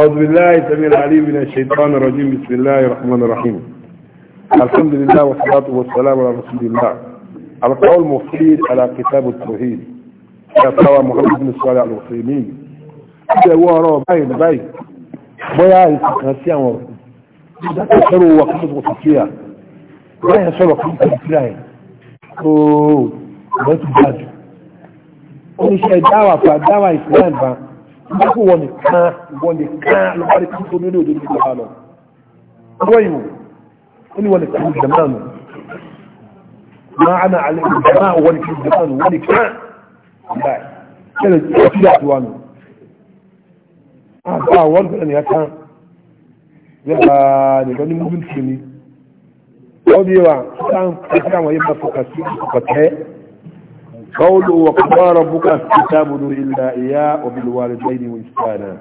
أعوذ بالله سميع علي من الشيطان الرجيم بسم الله الرحمن الرحيم الحمد لله والصلاة والسلام على رسول الله القول مفيد على كتاب التوحيد كتاب محمد بن صالح الوصيمين إذا هو أرى باين باين بيا يتكاسيا ورد تكسروا وقفت وصفيا لا يسر وقفت وصفيا أوه بس بجاج ونشأ دعوة فدعوة إسلام بقى mọ́kù wọ́n nìkan wọ́n nìkan lọ́pàá kí tó nílé òdòdó ìgbà lọ wọ́yìn wọ́n wọ́n nìkan jama'a nù máa ana alẹ́ jama'a wọ́n nìkan jama'a nù wọ́n nìkan báyìí kẹ́lẹ̀ tí ó ti wà nù àbá wọ́n nìkan ni a kan yàrá nìkan ní mú bí tì ní ọ́ bí wa sáà ń kí àwọn yẹn bá fọkà sí ìfọkàtẹ́ قولوا وقضى ربك أن تعبدوا إلا إياه وبالوالدين إحسانا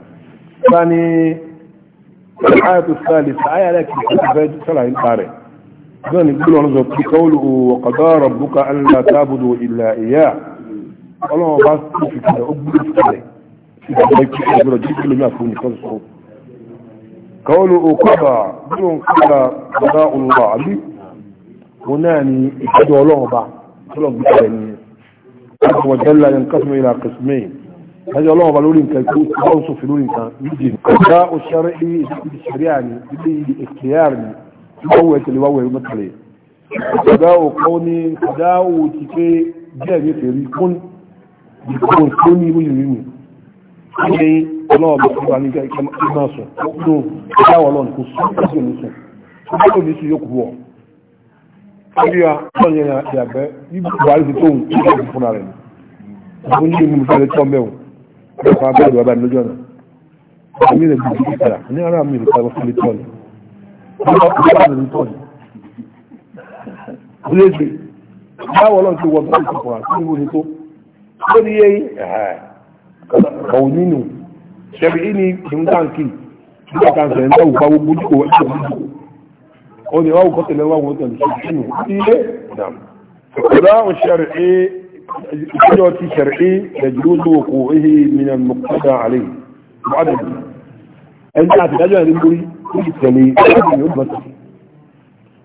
ثاني الآية الثالثة آية لكن تفاجئ صلاة القارئ ثاني يقول أنظر قوله وقضى ربك أن لا تعبدوا إلا إياه الله بس في كده أقول في كده في كده يقول جيب كل ما فوني خلصه قوله قضى بدون قضى قضاء الله عليه هنا إحدى الله بعد قلوا بكده عز وجل ينقسم إلى قسمين هذا الله بلولين كان يوصف في لولين كان يجي القضاء الشرعي الشرياني اللي اختيارني هو اللي هو يمثل القضاء قوني قضاء تكي جاي في كون يكون كوني ويمين يعني الله بسم الله كما ناصر نو لا والله نكون سوء نسوء سوء نسوء يكبر àríyá wọ́n yẹn yàgbẹ́ buhari ti tóun tí wọ́n fúnra rẹ̀ ni wọ́n ní mímú fẹ́lẹ́ tọ́ mẹ́wọ̀n wọ́n fà bẹ́ẹ̀ lọ́ba lójú ọ̀nà àmì rẹ̀ gbìyànjú ti padà ní ara mi nìkan wọ́n fẹ́lẹ́ tọ́ ni wọ́n bá kú bá mi tọ́ ni. ilé ìgbé báwo lọ́n ti wọ bẹ́ẹ̀ ti fún wa kí níbo ni tó ó ní yé kàwọn nínú ṣẹ́bi ní kí n kàn kí n kàn sẹ̀ ń bá wù ó ní wọ́n kọ́ tẹ̀lé wọ́n tẹ̀lé ṣùgbọ́n sí ilé dàm ìdáhùn ṣẹ̀rẹ̀ ìjọ ti ṣẹ̀rẹ̀ ẹ̀jùrú tó kò ihe mìíràn mọ̀kúta àlẹ́ ìwádìí ẹni àti dájọ́ ẹni lórí ó ti tẹ̀lé ìwádìí ní ọgbọ̀n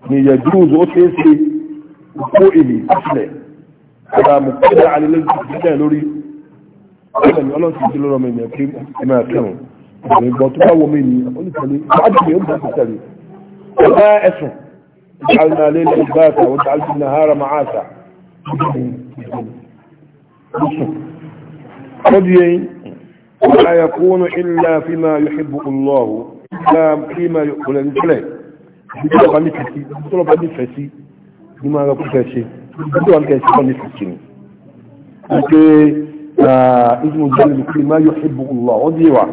ni ẹ̀jùrú tó ṣe é ṣe kó èlé sílẹ̀ ara mọ̀kúta àlẹ́ lọ́rọ̀ mi ẹ̀kí ẹ̀mẹ́ àkẹ́rùn-ún ìgbọ̀n tó bá wọ mi ní ọlọ́sìn tí ní ẹ̀kí ẹ̀mẹ́ وما اسم جعلنا ليل لباسا وجعلت النهار معاسا قديين ولا يكون إلا فيما يحب الله لا فيما يقول الإنسان بطلب نفسي بطلب نفسي بما يقول كشي بطلب كشي نفسي أنت اسم الجنة ما يحب الله وديوا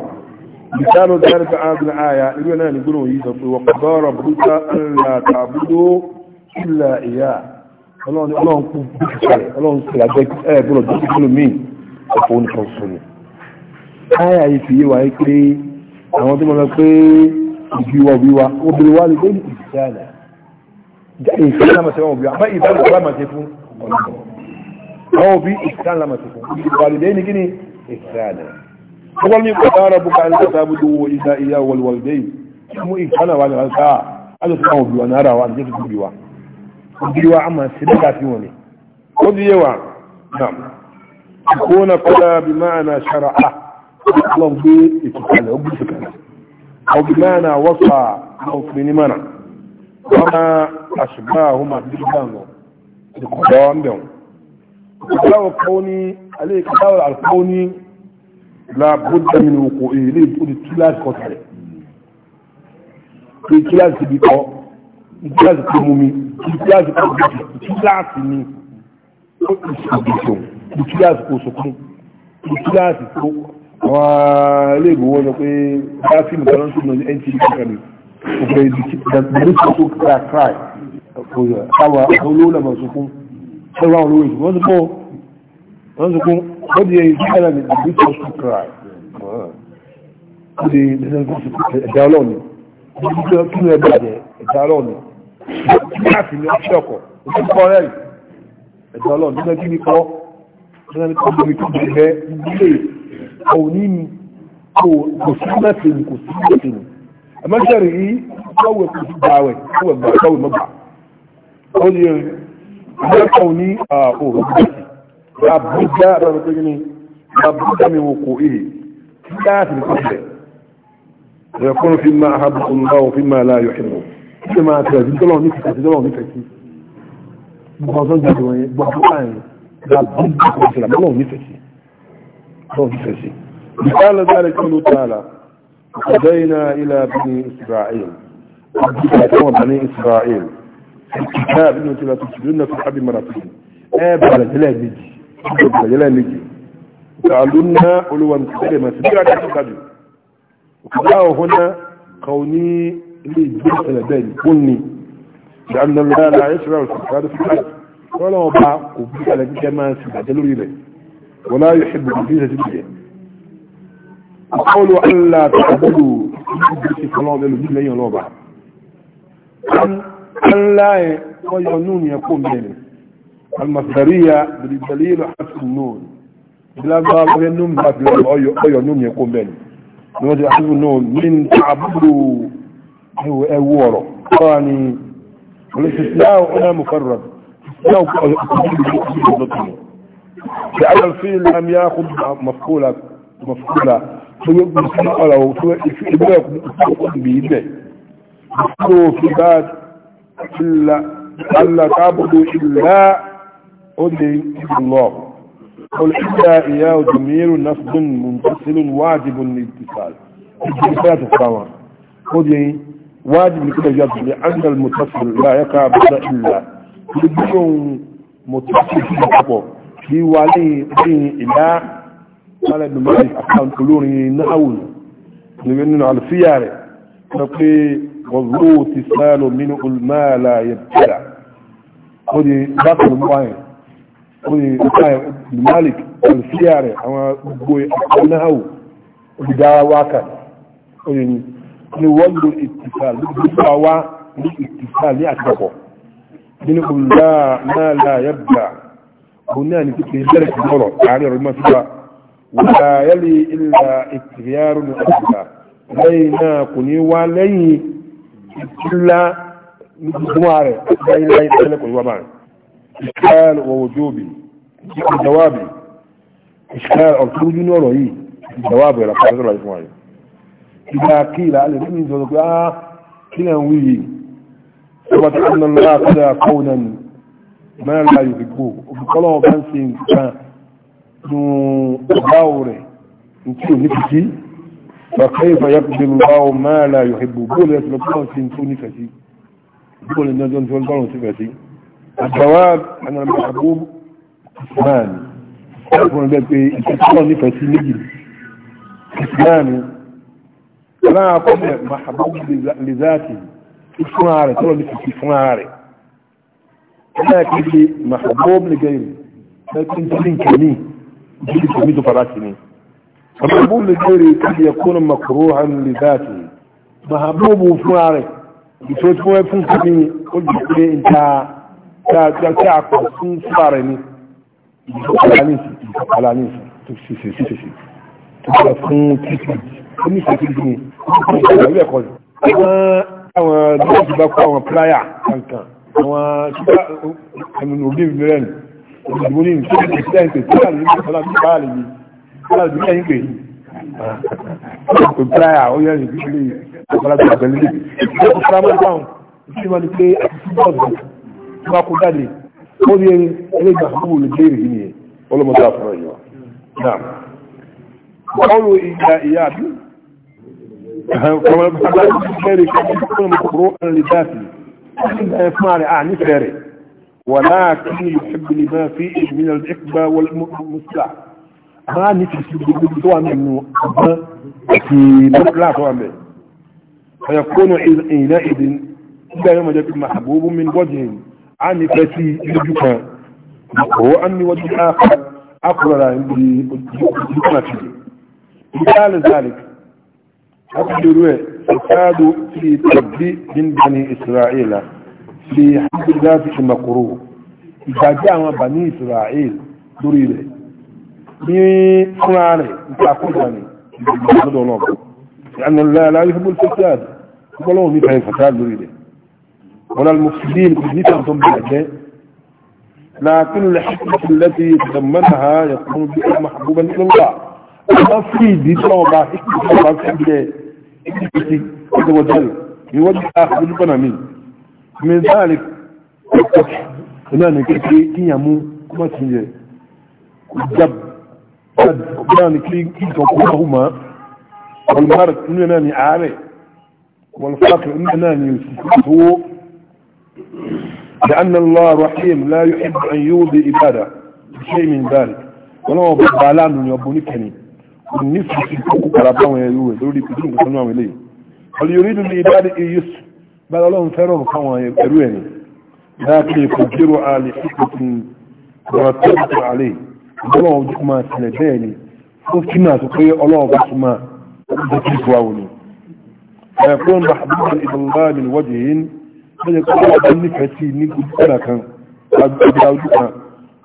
مثال ذلك هذه الآية إذن أنا نقول يسوع وقضى ربك ألا تعبدوا إلا إياه Ọlọ́run ni Ọlọ́run kú bíkìsàlẹ̀ Ọlọ́run kò làjẹ ẹ gbọ́dọ̀ tó ti kúrò míì ọ̀pọ̀ oníkan sọ ni. Káyà yìí fi yé wa pé àwọn tó máa lọ pé ìbí wa òbí wa obìnrin wa lè dé ìbísàlẹ̀. Ìfẹ́ náà Àwọn òbí ìfẹ́ náà fún ìbálò lẹ́yìn kí ni ìfẹ́ wọ́n ní kò dára bukà ní kò sábà dùn wọ ìdá ìyá wọlwọlde mú ìkànnà wa nìkan sáà alò sí àwọn òbíwa náírà wa nígbà tó òbíwa òbíwa àmà sílẹ̀ káfí wọn ni ó di yé wa nà ìkóna kọ́lá bí máa na ṣara a lọ gbé ìtìkàlẹ̀ ó gbèsè kan àwọn bí máa na wọ́sà àwọn òfin ní mọ́nà wọ́n máa àṣùgbà àwọn máa bí gbà wọn ìkọ̀dọ̀ ń bẹ̀ láàbùdá mi ò kò èlé ìdí kíláàsì kọ sílẹ̀ pé kíláàsì bí kọ kíláàsì kọ mú mi kíláàsì kọ bí kọ kíláàsì ni o ti ṣàbùsùn kíláàsì kò sọkún kíláàsì kọ àwọn iléèwé wọn sọ pé bá fíìmù kan tó náà ní ẹni tí ó kàn mí kò fẹ́ di kíláàsì tó kíláàsì káwà olówó làbà sọkún ṣọlá olówó ìṣòwò wọn sọ wọ́n sọ pé wọ́n di èyí sára ní the big church to cry wọ́n di ẹ̀dá ọlọ́ọ̀ni kí ni ẹ̀dá jẹ ẹ̀dá ọlọ́ọ̀ni láti ní ọ̀ṣẹ́ ọ̀kọ̀ ojú kọ́ rẹ̀ ẹ̀dá ọlọ́ọ̀ni nígbà kí ni kọ́ nígbà kí ni kọ́ bí bẹ́ ilé òní ni kò sí mẹ́sẹ̀ ni kò sí mẹ́sẹ̀ ni ẹ̀mẹ́sẹ̀ rẹ̀ yìí lọ́wọ́ kò sí gbà wẹ̀ lọ́wọ́ gbà lọ́wọ́ mọ́gbà ó di ẹ̀rọ ìgbà kọ́ ní òòrùn labuda lọ́nà pé ní labuda mi wò kò ìhì kí láti kò tẹ̀ ẹ̀kọ́ fi máa ha bùkún bá wọn fi máa láàyò ẹ̀rọ kí máa tẹ̀ sí tọ́lọ̀ ní fìtà sí tọ́lọ̀ ní fẹ̀sí bọ́sán jáde wọn yẹn gbọ́dọ̀ láàrin labuda kò tẹ̀lá mọ́lọ̀ ní fẹ̀sí tọ́lọ̀ ní fẹ̀sí مثال ذلك قوله تعالى قضينا إلى بني إسرائيل بني إسرائيل الكتاب إنه تلا تسجدون في الحب مرتين آب على ثلاث بيجي ìgbàjẹ́lẹ̀ méjì ìtàlú ná olúwa mùsùlùmí màtí bí wàá dájú kájú òkúta ọ̀hún ná kàó ní ilé ìgbé ìṣẹ̀lẹ̀ bẹ́ẹ̀ ní fún ni ìdáná lára israel sọ̀tàdé fúláì tọ́lọ́ ọba kò bí kalẹ̀ kíkẹ́ máa sì bàjẹ́ lórí rẹ̀ wọ́n láyé ṣègbè kò ní ẹ̀kọ́ المصدرية بالدليل حذف النون بلا ضال النون ما في أي أي نون يقوم بين نود حذف النون من تعبدوا هو أورو وليس لا هنا مفرد لأن الفيل لم يأخذ مفعولة مفعولة فيقول له بيده في بعد إلا ألا تعبدوا إلا قل الله قل إلا إياه ضمير نصب منفصل واجب للاتصال الجنسات الصور قل واجب لكل جد لأن المتصل لا يقع بعد إلا بدون متصل في في ولي إلى قال ابن مالك أحسن قلوني نعون لأنه على السيارة تقي وضوء اتصال منه ما لا يبتلع قل ذاك المعين oye ìpáyà malik alfiya rẹ̀ àwọn gbogbo anáhàwò olùdára wákà oye ni ni wọ́n lo ìtìsàl gbogbo àwá ní ìtìsàl ní àtìkọ̀kọ̀ nínú olùdá náà láyé gbà òun náà ni kíkẹ́ ìbẹ̀rẹ̀ sí lọ́rọ̀ àárín ọ̀rọ̀ máa fíwa wọ́n yẹ́lì ilà ní àtìkà lẹ́yìn náà kò ní wá lẹ́yìn إشكال ووجوب جوابي إشكال أو خروج نوري جوابي لا قدر الله يسمعه إذا قيل على الإبن صدق آه كلا وي ثبت أن الله قد قولا ما لا يحبه وبقلوا بانسين كان نباوره نكيو نكتي فكيف يقبل الله ما لا يحبه بول يسلطان سنتوني كتي بول النجان سنتوني كتي الجواب أن المحبوب قسمان يكون ذلك يكون إيه؟ نفسي نجل قسمان أنا أقول محبوب لذاته يكون عارف يكون نفسي أنا أقول لكن محبوب لغيره لكن تلين كمي جيد كمي تفراتني محبوب لغيره قد يكون مكروها لذاته محبوب وفن يقول لك يفن كمي قل بكلي انت tí a kọ̀ fún fúra rẹ̀ ní ìfọ̀kàlánìsì tó ṣe ṣe ṣe tó kọ̀ fún títí ó ní ìṣẹ́kí ní ìwé ẹ̀kọ́ ni. àwọn dókítà bá kó àwọn píláyà kankan àwọn ẹnu òbí mi rẹ̀ ní ìdìbò ní ìṣẹ́kí ní ìṣẹ́kí ní ìṣẹ́kí ní ìṣẹ́kí ní ìṣẹ́kí ní ìṣẹ́kí ní ìṣẹ́kí ní ìṣẹ́kí píláyà ó yẹ ìṣẹ́kí ní bá kú jáde ó rí ẹni ẹlẹ́gbà àbúrò lè béèrè yìí nìyẹn ọlọ́mọdé àfọ̀rọ̀ yìí wa náà báwo ìyá ìyá àbí kọmọlẹ́bẹ̀rẹ̀ kọmọlẹ́bẹ̀rẹ̀ alìdáfi ẹ̀ fún ààrẹ à nífẹ̀ẹ́ rẹ̀ wà láàkí ìfẹ́bìlì máa fi ìgbìyàn ìgbà mọ́sílá máa nífẹ̀ẹ́ sí gbogbo tó wà nínú ọgbọ́n àti mọ́sílá tó wà mẹ́ a nífẹ̀ẹ́ sí lójú kan ó á níwájú akọ̀rọ̀ra ní ojú kan àti ìdáàlẹ̀ zalik akọ̀dọ̀rọ̀ ẹ̀ ìsáàdù sí tàbí nígbàní israẹ́lá fi hajjá láti ṣe makoro ìgbàjẹ́ àwọn bàní israẹ́l lórí rẹ̀ ní fúnra rẹ̀ nípa akọ̀dọ̀rọ̀ ní ìgbàjẹ́ lọ́dọ̀ náà ولا المفسدين كذلك ضم الأداء لكن الحكمة التي يتضمنها يكون بها محبوبا إلى الله الأصلي دي طبعا حكمة الله حكمة عز وجل يوجه آخر البنامين من من ذلك هنا هناك كي يمو كما تنجي الجب قد كان كي كي تقولهما والمرض إنني عاري والفقر إنني يسيسه لأن الله رحيم لا يحب أن يوضي إبادة بشيء من ذلك ولو ببالان يبني كني النفس في كوكو كرابان ويوه دولي كدين كسنوان إليه بل يريد الإبادة إيس بل الله فيروه كما يرويني لكن يقدر على حكمة مرتبة عليه الله جكما سنداني فكما تقول الله بكما ذكي واوني فيكون محبوبا إلى الله من وجهه wọ́n yẹ kó wọ́n bá nífẹ̀ẹ́ sí ní gbígbóná kan àgbà ojú kan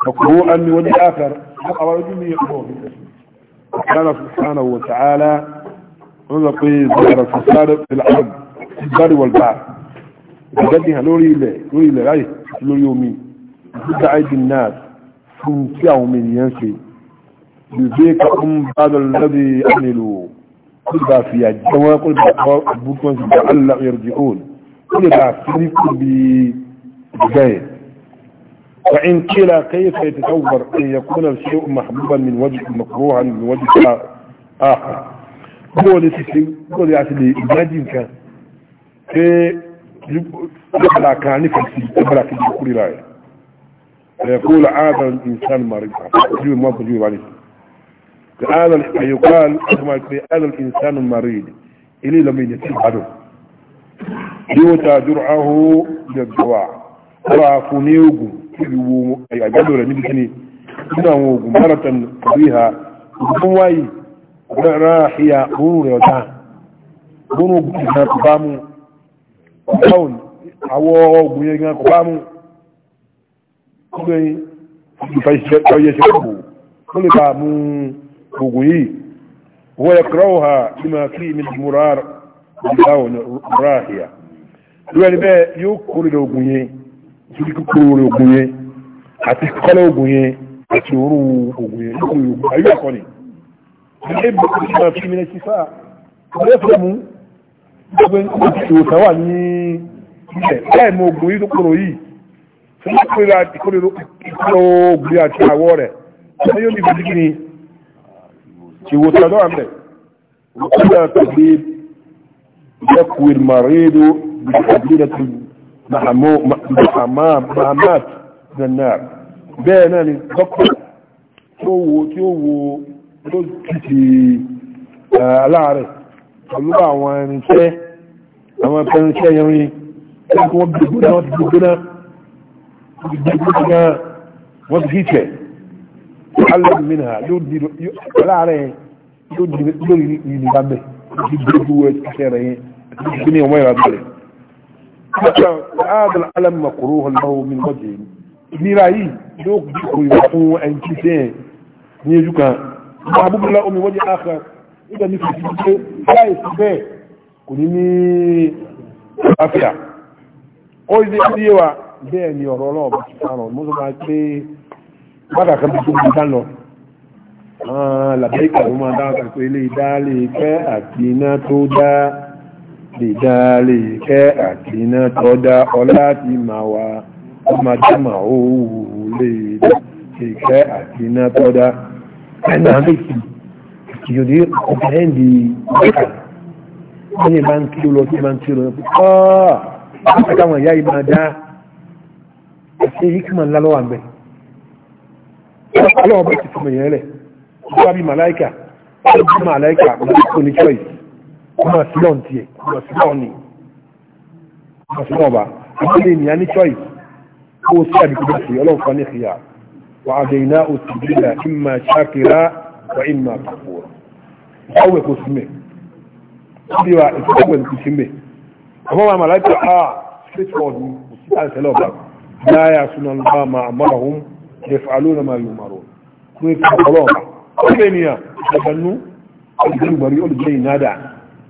ọkùnrin wọn ni wọ́n ní àkàrà àwọn ojú mi yẹn bọ̀ kánà sùsánà wọ̀ tààlà wọ́n lọ pé zara sùsánà ìlànà ìbárí wọ̀lbà ìgbàgbé hàn lórí ilẹ̀ lórí ilẹ̀ láyé lórí omi ìgbà àìdì náà fún tí àwọn ọmọ ènìyàn ṣe ìgbé kakún bàdàn lọ́dí àmìlò kó bá fìyà jẹ́ wọn kó bá kọ́ àbúkọ́ sí bá allah yarji'un كل ما تريكم بجاية فإن قيل كيف يتطور أن يكون الشيء محبوبا من وجه مكروها من وجه آخر هو لسيسي هو لأسلي إماجين كان في يبلع كان نفسي يبلع كي يقول رأي فيقول هذا الإنسان مريض يجيب ما بجيب عليه هذا يقال هذا الإنسان مريض إلي لم يتبع عدو yíwọ́ta dúrọ̀áhó jẹ̀dọ̀wà ara fún ní ogun ìwò àgbàdo rẹ̀ níbi kíni nínú àwọn ogun máratan ríha ogun wáyé ráhíà oòrùn rẹ̀ ọ̀tá oòrùn ogun ti gan kò bá mú ọ̀táwọn àwọ̀ ogun yẹn gan kò bá mú ọgbẹ́yìn ìfàyẹ̀ṣẹ̀ kọ̀bù ó lè bá mú ogun yìí wọ́n yẹ kúrọ̀ ha ní ma kí mi mú irú ẹni bẹ́ẹ̀ yóò kórè ogun yẹn torí kórè ogun yẹn àti kọ́lẹ̀ ogun yẹn àti òórùn ogun yẹn lókùn yóò gbà yóò ilé ìbùkún ti máa fi mi lẹ́sí fáà ilé ìfẹ́ mú gbogbo ìwòsàn wà ní ilẹ̀ bẹ́ẹ̀ mọ ogun yìí tó kóró yìí tó ní kórè ìkórè ogun yẹn àti àwọ̀ rẹ̀ tó ní yóò ní ìbùkún ni ìwòsàn náà mẹ́ òkúta tàbí ìjẹ́kùn ìmọ̀rẹ́dọ̀ بتقبيلة مهمات من النار bẹ́ẹ̀ náà ni gọ́kọ̀ tí ó wo tí ó wo tó títí aláàrẹ̀ pẹ̀lú àwọn irinṣẹ́ àwọn irinṣẹ́ yẹn rí tí wọ́n bí gbóná wọ́n ti gbóná wọ́n ti gbóná wọ́n ti kíkẹ̀ alẹ́mìnà aláàrẹ̀ yóò di lórí ìrìnlẹ́gbẹ̀ هذا العلم مكروه له من وجه ميراي دوك ديكو يفو ان كيسين ني جوكا محبوب الله من وجه اخر اذا نفسي لا يسبه كوني افيا او دي ديوا بين يورو لو سبحانه مو ما تي بدا كان بيجي كان لو ah labẹ́ẹ̀kì ló máa dáhùn pé ilé ìdálé ìfẹ́ àti iná tó dáa lè dá lè kẹ́ àti iná tọ́ dá ọlá ti máa wá ọmọ tó máa ó wù lè dá lè kẹ́ àti iná tọ́ dá ẹ̀nà àbẹ̀kì ìjòdì ọ̀pẹ̀ẹ́ndì ìgbẹ́kà wọ́n yẹ máa ń kí lọ sí máa ń kí lọ ọ́ àtàkàwọn ìyá yìí máa dá àti hikman lálọ́wà mẹ́ ọlọ́wọ́ bá ti fún mi yẹn lẹ̀ wọ́n bí bí màláìkà wọ́n bí kò ní choice kúmọ̀ sílọ̀ ní tiẹ̀ kúmọ̀ sílọ̀ ní kúmọ̀ sílọ̀ bá àwọn ènìyàn ní choice kó o sí àdìgbò sí ọlọ́run kan ní ìyá wà á dẹ̀yìn náà ó sì bí ìlà ìmà ṣàkìrá wà ìmà kàfọ́ ìfọwọ́ kò sí mẹ́ bí wa ìfọwọ́ kò sí mẹ́ àwọn ọmọ àmàlàjọ a straight forward ní kò sí àìsẹ́lẹ̀ ọ̀bà láyà súná lọ́wọ́ máa àmọ́ra òun ẹ̀fà lónà máa yọ̀ màrò fún ìfọwọ́ ọ̀bà ó lè ní à ìjọba nú olùgbé ìgbàrí olùgbé ìnádà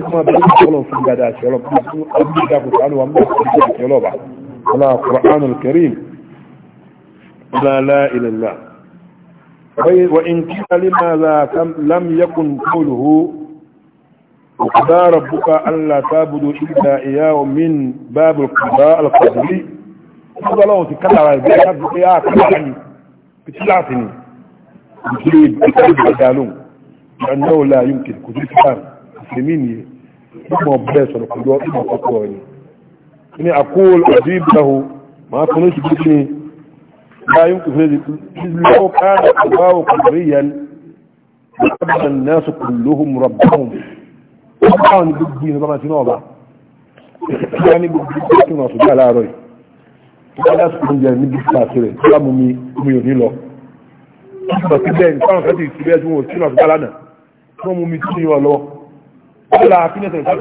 kuma ba su kolon sun gada shi rabu su abu da ku tsanu wa mai su da ke loba ala qur'anul karim la la ilallah bai wa in kana lima za kam lam yakun qawluhu وقضى ربك ألا تعبدوا إلا إياه من باب القضاء القدري هذا لو تكلم على ذلك بقياء كلامي بثلاثني بجيب بجيب بدالون لأنه لا يمكن كذلك mùsùlùmí nìyẹn mọ̀ bẹ́ẹ̀ sọ̀rọ̀ pẹ̀lú ọdún àkọ́kọ́ rẹ̀ ní àkóòl àbí ìbáhù máa fún oṣù tó ní báyìí kò fẹ́ lọ́wọ́ káàdà àbáwò kòkòrìyàn lábàá náà sọ kò lóhùn rọ̀báhùn báwọn ní gbogbo ìnà bá ti náà bá bá ní gbogbo ìnà tó náà sọ bí aláàárọ̀ yìí wọ́n dá sùkúrú jẹ níbi pàṣẹ rẹ̀ tó bá mú mi mi ò ní lọ kula fi ne sai ta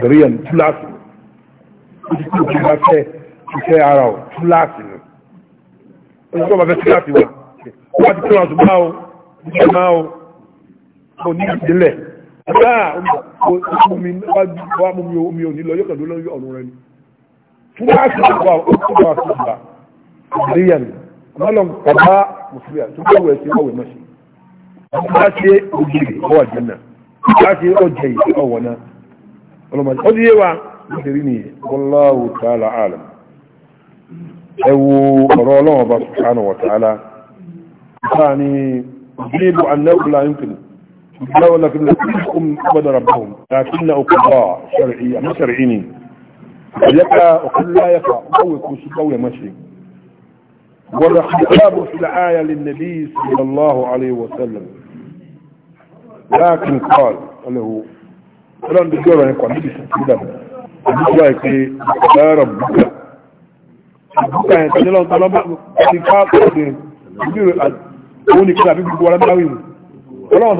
gbẹ̀rẹ̀yàn túláàsì ó ti kúrò bá fẹ́ iṣẹ́ ara ọ̀ túláàsì ni ó ti kúrò bá fẹ́ túláàsì wà ó wá ti kúrò àtúgbà máa ó ìṣẹ́ máa ó ó ní ìdílẹ̀ náà wá mú mi omi ò ní lọ yókàn lórí ọ̀run rẹ ni túláàsì wà ó kúrò àtúgbà gbẹ̀rẹ̀yàn mọ́lọ̀ kọ̀bá mùsùlùmí àtúgbà wẹ̀ sí ọ̀wẹ̀ mọ́sí bá ṣe ògiri ọwọ́ àjẹ́nà bá ṣe ọjẹ́ ọwọ́ náà ọlọ́mọdé ó ti yé wa nítorí ni wallahu ta'ala alam ẹ wo ọ̀rọ̀ ọlọ́wọ́ bá subhanahu wa ta'ala báà ni ògbélu anáwùlá yìnkìlì ìgbàwọ̀ lakin lakum abada rabbahum lakin na okun ba shar'i amma shar'i ne yaka okun la yaka kawai ko shi kawai mashi والخطاب في الآية للنبي صلى الله عليه وسلم láàkín kọ́ọ̀l ọlọ́wọ́ ọlọ́run dojú ọ̀rọ̀ yẹn kọ̀ níbi ìsìnkúdà àbí ìjọ ìpè ọ̀rọ̀ bùkà bùkà yẹn tẹ́lẹ̀ lọ́nà tọ́lọ́bà ti ká pọ̀dé ojú rẹ̀ òun ní kíkà bí gbogbo ara dáwì mu ọlọ́run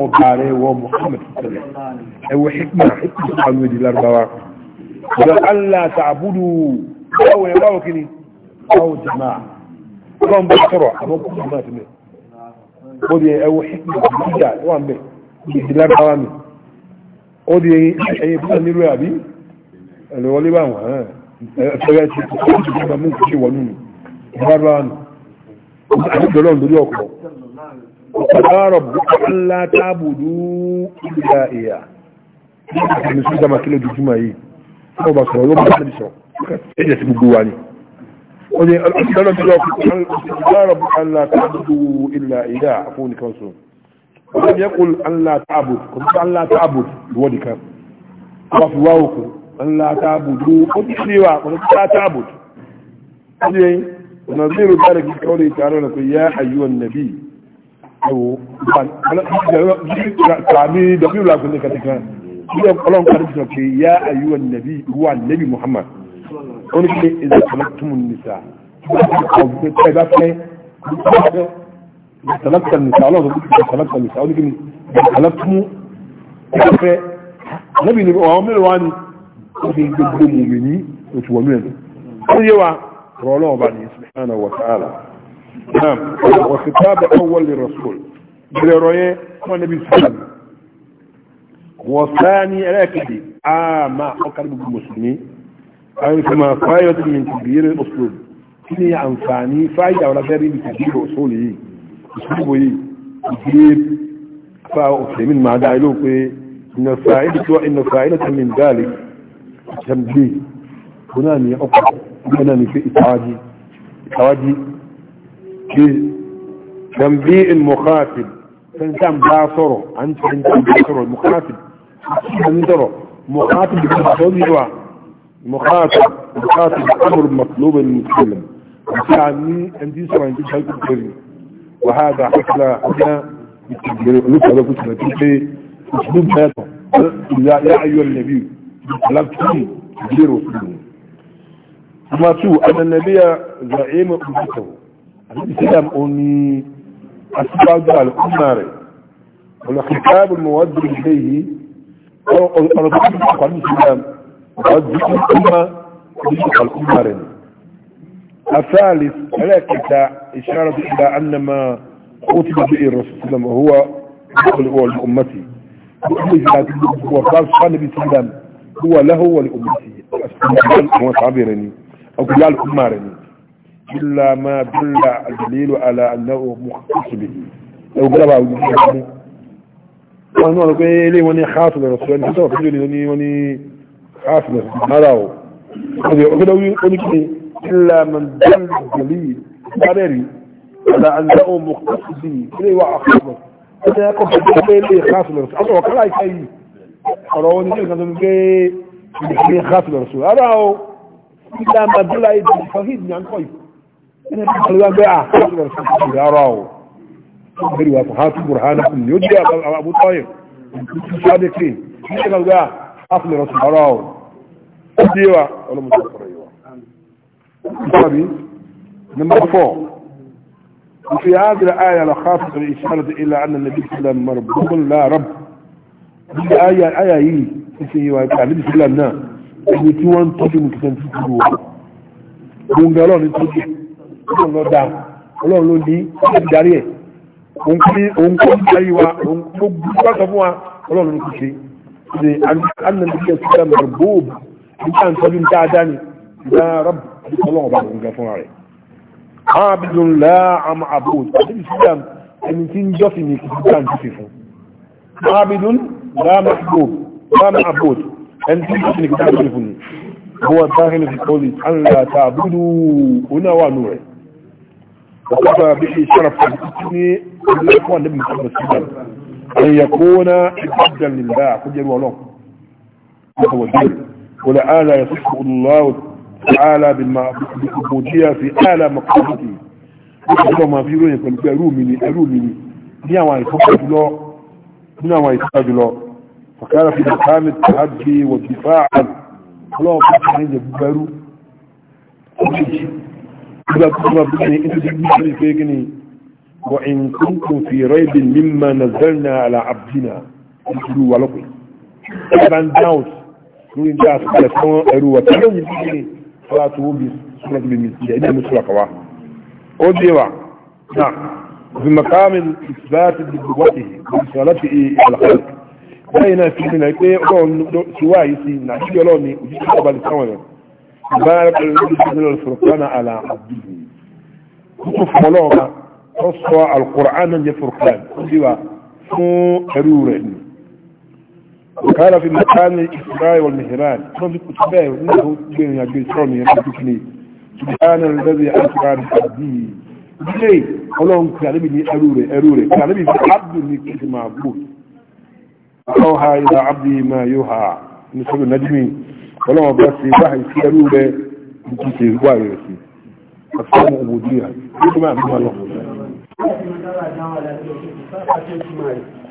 ọba rẹ̀ wọ Muhammad tẹ́lẹ̀ ẹ̀wọ̀ hikma hikma sọ èdè Lárúbáwá ọ̀dọ̀ Allah ta'budu báwo yẹn báwo kí ni jama'a ọlọ́run bá sọ̀rọ̀ àwọn kò náà ti mẹ́ ó di ẹwọ ìjà wà ń bẹ̀ ìdílé agbára mi ó di ẹyin fún ẹnirú àbí ẹ̀rọ wọlé bá wọn ẹ̀fẹ́rẹ́ ti kọ́ ti gbọ́dọ̀ mú kí wọnú mi agbára mi àdúgbò lọ́run lórí ọkọ̀ ọ̀pọ̀lọpọ̀ ńlá tábùdú ìgbà ìyà ní ìgbà ìmísí ìdámakílẹ̀ dùdú mà yìí wọ́n bá sọ̀rọ̀ ló bá sọ̀rọ̀ ẹ̀jẹ̀ sí gbogbo wa ni wani al'adar da ya rabu an la ta'budu illa ila a kowane kansu wani ya kul an la ta'bud kuma an la ta'bud wani kan ba su wawo ku an la ta'budu wani cewa wani la ta'bud wani wani zai rubuta da kika wani tare da ku ya ayyuan nabi yau sami da biyu lafi ne ka tuka ya ayyuan nabi ruwa nabi muhammad ó ní pé ìdè tàlákùmù nìsà ẹ bá fẹ́ tàlákùmù nìsà ọlọ́run tó kí tàlákùmù nìsà ó ní kí ni tàlákùmù ẹ bá fẹ́ lẹ́bi ní ọ̀hún mélòó wá ní ó ti gbogbo mòmí ní oṣù wọ̀mí ẹ̀ ó yé wa rọ̀ ọlọ́run bá ní subhanahu wa ta'ala نعم وخطاب أول للرسول بالرؤية هو النبي صلى الله عليه وسلم والثاني الأكدي آما آه وكان بالمسلمين أي كما فائدة من تدبير الأسلوب كني أنفاني فائدة ولا غير من تدبير أصوله أسلوبه يجيب من مع دعيلوك إن فائدة وإن فائدة من ذلك تنبيه هناني أقع هناني في إتعادي إتعادي في تنبيه المخاطب فإنسان باصره أنت إنسان باصره المخاطب أنت مخاطب بكل صديقه مخاطب مخاطب أمر مطلوب المتكلم يعني عندي سمع عندي شيء كثير وهذا حصل هنا لسه لو كنت أسلوب هذا يا أيها النبي لكن غير وسلم ثم شو أن النبي زعيم أمته الإسلام أني أسباب على الأمر والخطاب الموجه إليه أو الأرض الإسلام الثالث الأمة يشق الأمة الثالث إشارة إلى أن ما قتل به الرسول صلى الله عليه وسلم وهو هو لأمته وقال صلى الله عليه وسلم هو له ولأمته هو صعبيرني أو كلا الأمارني إلا ما دل الدليل على أنه مختص به لو قلبها أنا أنا أنا أنا أنا أنا أنا أنا أنا أنا وني káàfin mara o ọgbẹ́dọ̀ wí oníkìní ilá mandal gali kárẹ̀rì ọ̀dà àǹdà o mọ̀ kásìdì ilé wa àkọ́bọ̀ ẹni akọ́ fẹ́ ilé káàfin lọ sọ ọ̀rọ̀ kọ́lá ìka yìí ọ̀rọ̀ wọn ní ìkan tó ń gbé ilé káàfin lọ sọ ara o ilá mandal ayé ti fọ́sí ìdìyà ń kọ́ yìí ẹni akọ́ fẹ́ ilé káàfin lọ sọ ara o ọgbẹ́rì wa fọ́hátù burhanakum yóò jẹ́ àbútọ́yẹ̀ ìtúsádẹ́kì ní ìkan gbé àkọ́fin lọ sọ ara o díẹ̀wà ọlọ́mọdé ọ̀rọ̀ yìí wà. Ìsàbí, nọmba fọ́, وفي هذه الآية الخاصة الإشارة إلى أن النبي صلى الله عليه وسلم مربوط لا رب. Bí ayé ayé yìí ti ṣe ìwà ìka níbi sílẹ̀ náà, ẹni tí wọ́n ń tọ́jú mi kìtẹ́ ti dúró wa. Òun gan ọlọ́run tó dé, ọlọ́run lọ dáa, ọlọ́run ló ní, ọlọ́run ti darí ẹ̀. Òun kí wa, òun kó gbọ́dọ̀ wa, ọlọ́run ló ti ṣe. Ṣé àná níbi ẹ̀ sílẹ̀ mọ̀rọ̀ nígbà ń tọ́jú dáadáa ni ìgbà rọ́bù ọlọ́run ọba nǹkan fúnra rẹ̀. àwọn abidun la àmọ́ àbò àdébí sílẹ̀ ẹni tí ń jọ́sìn ní kìkì dáa ń jọ́sìn fún. àwọn abidun la àmọ́ àbò la àmọ́ àbò ẹni tí ń jọ́sìn ní kìkì dáa ń jọ́sìn fún ni. هو داخل في قوله أن لا تعبدوا هنا ونوره وكفى به شرف الإسلام الإخوان ابن محمد السلام أن يكون عبدا لله كجل ولوم هو الدين ولعالى يصفه الله تعالى بالعبودية في أعلى مقامته يقول ما في رؤية يقول أروني أروني نعوان يصفه الله نعوان يصفه الله فكان في مقام التحدي والدفاع الله أكبر عند ببارو إذا كنت ربني أنت تجمعني فيكني وإن كنتم في ريب مما نزلنا على عبدنا يقولوا ولقي أنا داوس ní ìjà àsìkò fún ẹrú wa tẹ́lẹ̀ yìí bí ní fọlá tó wọ́n bí súnmọ́ tó lè mi ìyá ilé mùsùlùmá kàwá. ó dé wa na fi makamin isbati bibuwati bisalati alhal báyìí náà fi nílẹ̀ pé ọlọ́run ti wá yìí sí nà sí ọlọ́run ni òjì tó bá lè sáwọn rẹ̀ báyìí pẹ̀lú ìlú ìṣẹ̀lẹ̀ furqana àlà àbúrò kúkú fọlọ́ọ̀ka ó sọ alqur'an náà jẹ́ furqan ó dé wa fún ẹrú rẹ̀ ni وكان في مكان الإسراء والمهران كان في كتبه وإنه بين يجري سرمي يجري سبحان الذي أسرى بحبه ليه قولهم كالبي لي أروري أروري كالبي في عبد لكيس معبود أوها إلى عبدي ما يوها نسل النجمين قولهم بس يبحي في أروري لكيس يزواري رسي أفهم أبوديها كما أبوها الله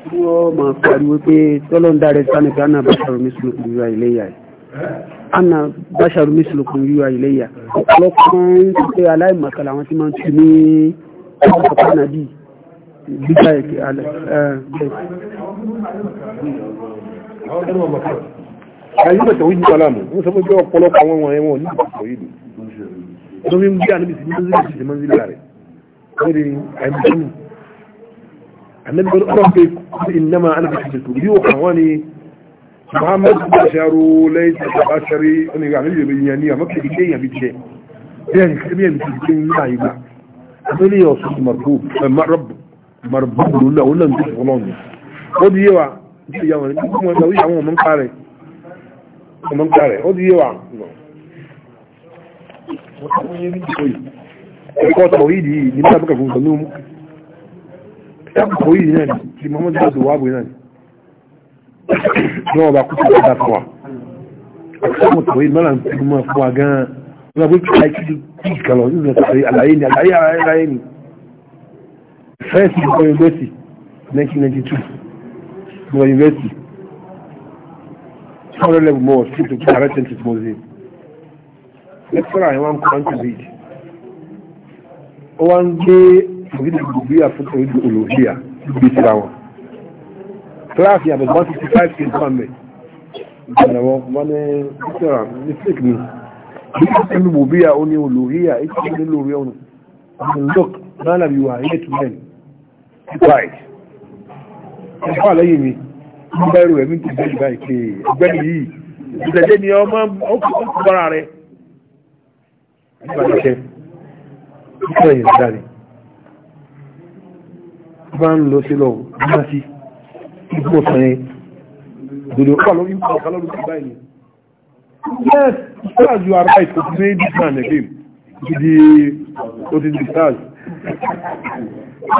tí wọ́n máa pariwo pé tọ́lọ́ ń dáre sani pé anna basharu mislukun yíwa iléyà yìí anna basharu mislukun yíwa iléyà ọ̀pọ̀lọpọ̀ ń pè aláìmọ̀kàlà àwọn tí máa ń tu ní ọ̀pọ̀lọpọ̀ náà bíi bíbá ẹ̀kẹ́ alẹ́ ayílẹ̀ tẹ̀wé yìí aláàmù wọ́n sọ pé bí ọ̀pọ̀lọpọ̀ àwọn ọmọ ní ìpàkọ̀ yìí mọ́sílẹ̀ rẹ̀ lórí àìmọ̀sílẹ̀ annabi bin umar bai kuma innama ana bishi to biyu kawo ne muhammad da sharo lai da bashari wani ga annabi bin yani a mafi dike ya bice ya ni kabi ya bice din ya yi ba amali ya wasu marbu marbu marbu lulla wannan duk wannan wadi yawa ya wani kuma da wuya mun kare mun kare wadi yawa ko tawhidi ni ta buka kun sanu ẹ̀kọ́ yìí náà ti mọ́mọ́ tí ó wà bóyí náà ní ọba kúkú ọ̀dá fún wa àkọ́mọ̀ tó yìí mọ́là ń fi mọ́ fún wa gan-an wọ́n gbé kí láì kí kí kàlọ́ nínú ẹ̀sẹ̀ àlàyé ni àlàyé àlàyé ni fẹ́ẹ̀sì ìgbọ́ yunifásitì 1992 ìgbọ́ yunifásitì sọ́ọ́rọ́ lẹ́bù mọ́ sí tó kí ààrẹ tẹ́ntì mọ́ sí lẹ́kọ́rọ̀ àyẹ̀wò ń kọ́ tòwídìí olùgbéyà fún tòwídìí olùgbéyà bí síra wọn kíláàsì àbẹ̀bẹ̀ one fifty five kìí fún àmì ìgbàlẹ̀wọ̀ wọn ní sísèrà mistake ni bí wọ́n ní olùgbéyà ó ní olùgbéyà èyí ní lórí ọ̀nà ọ̀nà look náà làbí wà ilé tó mẹ́rin right ẹ̀fọ́ àlẹ́yìn mi ń bẹ́rù ẹ̀mí ti bẹ́ẹ̀ báyìí pé ẹgbẹ́ni yìí ìtẹ̀jẹ́ bá ń lọ sí lọ bá sí ìgbọ́ sọ̀rẹ́ dòdò pà lọ ìgbà ọ̀kan lọ́dún báyìí yes stars you are right kò ti ní this man again ti di o ti di stars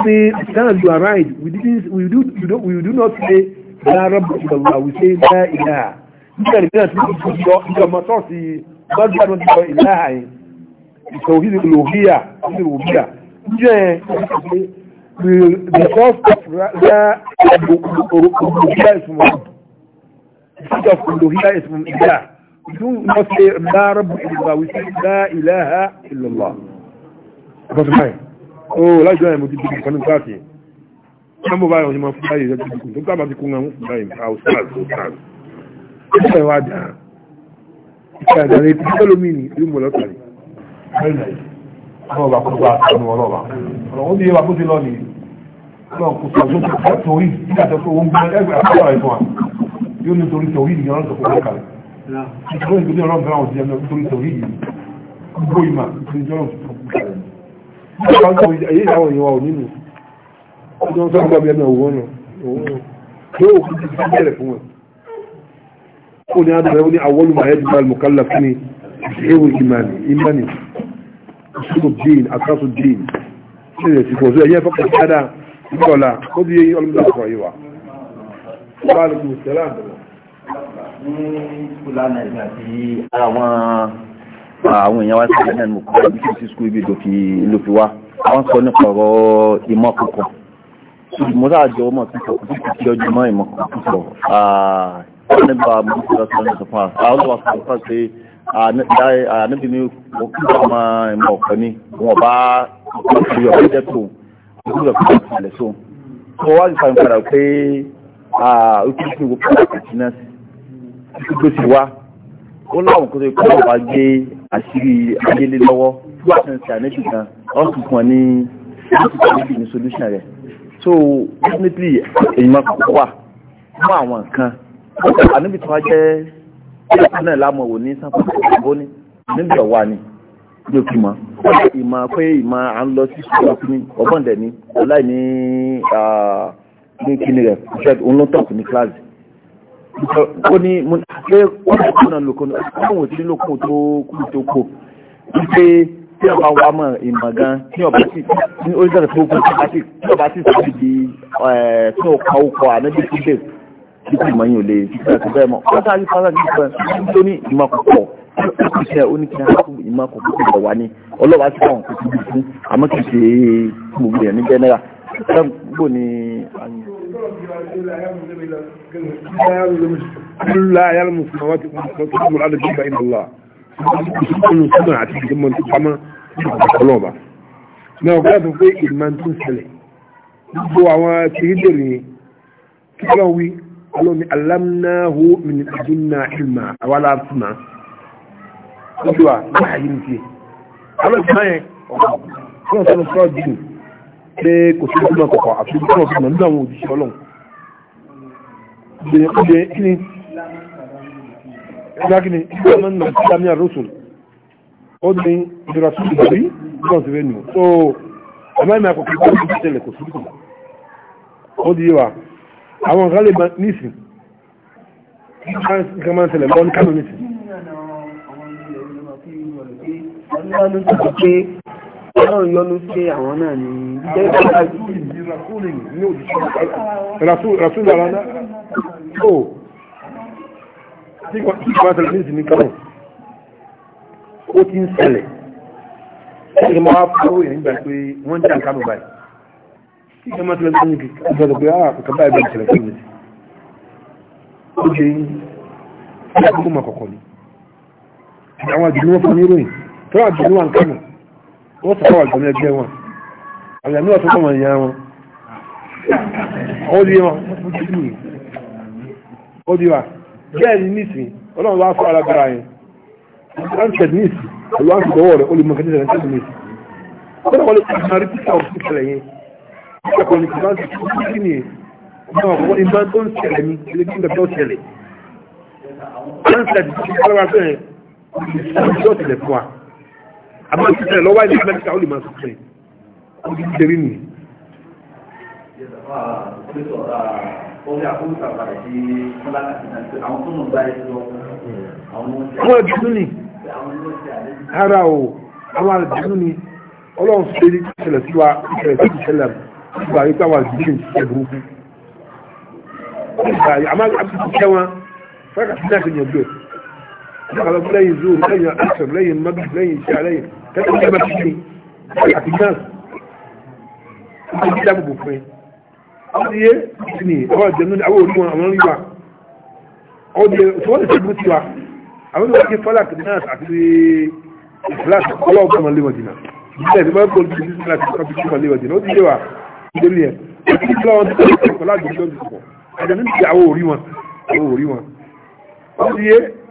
say stars you are right we didn't we do we do, we do not say la rabu illallah we say la ilaha nígbà nígbà tí wọ́n ti sọ ìjọba sọ́ọ̀sì gbọ́dọ̀ tí wọ́n ti sọ ìlà àyìn ìsọ̀hìn lòhíà ìsọ̀hìn lòhíà ń jẹ́ ẹ̀ the source of la uluhiyya is from The source of uluhiyya is from Ilah. We do not say La Rabb illallah, we say La ilaha illallah. Because why? Oh, láti ọ̀yẹ̀ mo ti dìbò kan ní káàkiri. Wọ́n mú báyìí ọ̀yẹ̀ máa fún báyìí ìjọba ìdìbò tó kábàá ti kún àwọn fún báyìí àwòsàn àwòsàn. Ìṣẹ́ wa dà. Ìṣẹ́ àdàrẹ ti tẹ́lómi ní ìlú mọ̀lọ́kàrí. Bẹ́ẹ̀ ni, ọlọ́ọ̀bà kó bá a sọ ní ọlọ́ọ̀bà. Ọ̀rọ̀ ó di ewa kó ti lọ nìyí náà kò sọ tó tó torí nígbà tó tó ń gbé ẹgbẹ́ àkọ́kọ́ rẹ̀ fún wa yóò ní torí torí ìyẹn ọ̀rọ̀ tó kọ́ kalẹ̀ ìṣòro fún ní adùn rẹ̀ ó ní àwọlù àkásù dín ṣe lè ti pọ̀ ẹ̀yẹ́ fọ́kàn dáadáa bọ́lá ó di yéyí ọlọ́mọdé àkọ́ yìí wa. wà á lè gbò sẹ́lá àbẹ̀wò. ní fúlàní àti àwọn àwọn èèyàn wá sí ẹ̀nà mú kọ́ ibi tí sùkúl ibi ìdò fi ló fi wá àwọn sọ nípa ọ̀rọ̀ ìmọ̀ kọ̀kọ̀ mo sáàjọ ọmọ kíkọ̀ kíkọ̀ tí ọjọ́ mọ́ ìmọ̀ kọ̀kọ̀ nípa mọ́kànlá sọ ní sọfún àwọn ọlọ́wà pé àníbi ní òkú ọmọ ìmọ̀ ọ̀kọ́ ni wọn bá ọkọ̀ ìjọba jẹ́ tó ìgbúlọ̀ pẹ̀lú ìpìlẹ̀ sóhun kọ́ wá ìfà ìpadà pé ìpínlẹ̀ ìwò pàtàkì náà sí tó ti wá ó láwọn kó tó kọ́ wá gbé àṣírí ayélé lọ́wọ́ tó wà sí ṣe àníjù kan ó sì fún ọ ní ìpínlẹ̀ ní solution rẹ̀ so definitely èyí máa kọ́kọ́ wà fún àwọn nǹkan àníbi tó wá jẹ́ ẹ̀kọ́ náà lámọ̀ wò ní sanfà àbóní níbi ọ̀wà ni yóò fi mọ́ ìmọ̀ pé ìmọ̀ à ń lọ sí ṣùgbọ́n fún ọgbọ́n dẹ̀ ni ọláì ní ní kíni rẹ̀ ṣe òun ló tọ̀kù ní kíláàsì ó ní pé wọ́n ti kúnà lókun ọ̀hún sí lókun tó kú tó kù wípé tí ọba wa mọ̀ ìmọ̀ gan tí ọba sì ní oríṣiríṣi tó kù tí ọba sì tí ọba sì sì di tí ó ka ọkọ̀ ànábì kókò ṣe oníkìlá fún ìmọ̀ kòkó tó wà ní ọlọ́wà sí àwọn kòkó tó fún àmọ́ kì í ṣe gbogbo ẹ̀ ní jẹ́nẹ́rà gbogbo ni. Allah ya lamu suna wata kuma mura da Gbogbo àwọn tiyidir ne. Kí Ọlọ́run wí, Ọlọ́run ni alamnahu min adunna ilma, àwa la suna lọ́dọ̀ à náà yìí nìkí alọ́sí náà yẹn ọ̀pọ̀ fún ọ̀sán ọ̀sán dìbò pé kò sí ọdún náà kọ̀kọ̀ àti ọdún ọdún náà nínú àwọn òjíṣẹ́ ọlọ́run ìgbìyànjú ọdún yẹn kí ni ìgbà kí ni ìgbà náà nà sí sami àrùsùn ó ní ìdúrà sí ìgbàrí nígbà tó fẹ́ nù so ẹ̀mọ́ ìmọ̀ àkọ́kọ́ tó ti tẹ̀lé kò sí ìgbà ó di wa àwọn kan lè nísìn kí wọ́n máa ń tẹ̀lé lọ́nù kánò nísìn wá ló ti di pé ọlọ́run yọ́nú sí àwọn náà ní jẹ́ ìgbàlá ó ti ń ṣẹlẹ̀ ẹgbẹ́ máa fọ́ èyàn nígbà pé wọ́n jẹ́ àkàmù báyìí kí ẹmọ́ tí lọ́tí ní ìgbẹ̀rẹ̀ pé àà kọ̀kọ̀ báyìí bẹ̀rẹ̀ tẹ̀lẹ̀ fún mi ó jẹ́ yí ọkùnkùn tó àjọ̀nú wà ń kánù wọ́n sọ fáwọn àjọ̀nú ẹgbẹ́ wọn àjọ̀nú ọ̀tún kọ̀mọ̀ ìyá wọn ó di wọn ó di wa bẹ́ẹ̀ ni nísìn ọlọ́run wá fún alágbára yẹn wọ́n tẹ̀ nísì pẹ̀lú àti ìdọ́wọ́ rẹ̀ ó lè mọ kẹ́tẹ́ sẹ̀rẹ̀ tẹ̀lé nísì kọ́nà wọlé kí n rí píkà ọ̀fun ìṣẹ̀lẹ̀ yẹn ọkọ̀ ní kí n bá ti kú kí ni àmọ́ sísẹ̀ lọ́wọ́ ilẹ̀ amẹ́ríkà ó lè máa sọ̀tẹ̀ ó ti ń tẹ̀rí nì. àwọn àdìsú ni ara o àwọn àdìsú ni ọlọ́run fi lè ṣẹlẹ̀ sí wa ìṣẹ̀lẹ̀ sí ìṣẹ̀lẹ̀ ìgbà yípa wà jùlọ ìṣẹ̀lẹ̀ burúkú. àmọ́ àbúkú kẹwọn fẹ́ẹ́ kà sí náà ṣe yàn gbé. دخل لي زور لي عشر لي المدح لي الشيء لي كانت لي مكتبي في الناس كنت لابو بوفين أودي سني أول جنون أول يوم أول يوم أودي سؤال سبوت يوم أول يوم كيف فلك الناس عقلي إخلاص الله كمان لي ودينا بس ما بقول بس لا تكفي كمان لي ودينا أودي يوم دليل أكيد لا أنت لا تقول لا تقول أنا نبي أول يوم أول يوم أودي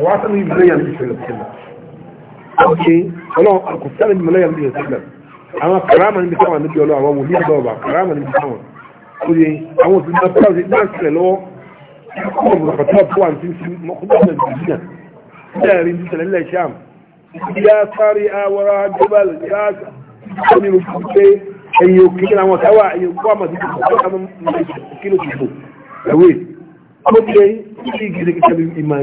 wá sẹ́nu ìmọ̀lẹ́yà ní ìṣẹ̀lẹ̀ ìṣẹ̀lẹ̀ ọ̀kẹ́ ọlọ́run kò sẹ́nu ìmọ̀lẹ́yà ní ìṣẹ̀lẹ̀ àwọn karama níbi táwọn níbi ọlọ́ àwọn wòlíì ọ̀dọ́ ọba karama níbi táwọn ó yẹ àwọn òbí máa tọ́ ọ̀sẹ̀ náà sílẹ̀ lọ́wọ́ kọ́ ọ̀bùrọ̀ pàtó àpò àǹtí sí mọ́kúndínlẹ̀ nàìjíríà sílẹ̀ rí ní sẹ̀lẹ̀ nílẹ̀ sàm ìyá sáré awara jubal yá sọ́ni mo fi pé ó ti lè sí gẹ́gẹ́ kẹ́lú ìmọ̀ ìmọ̀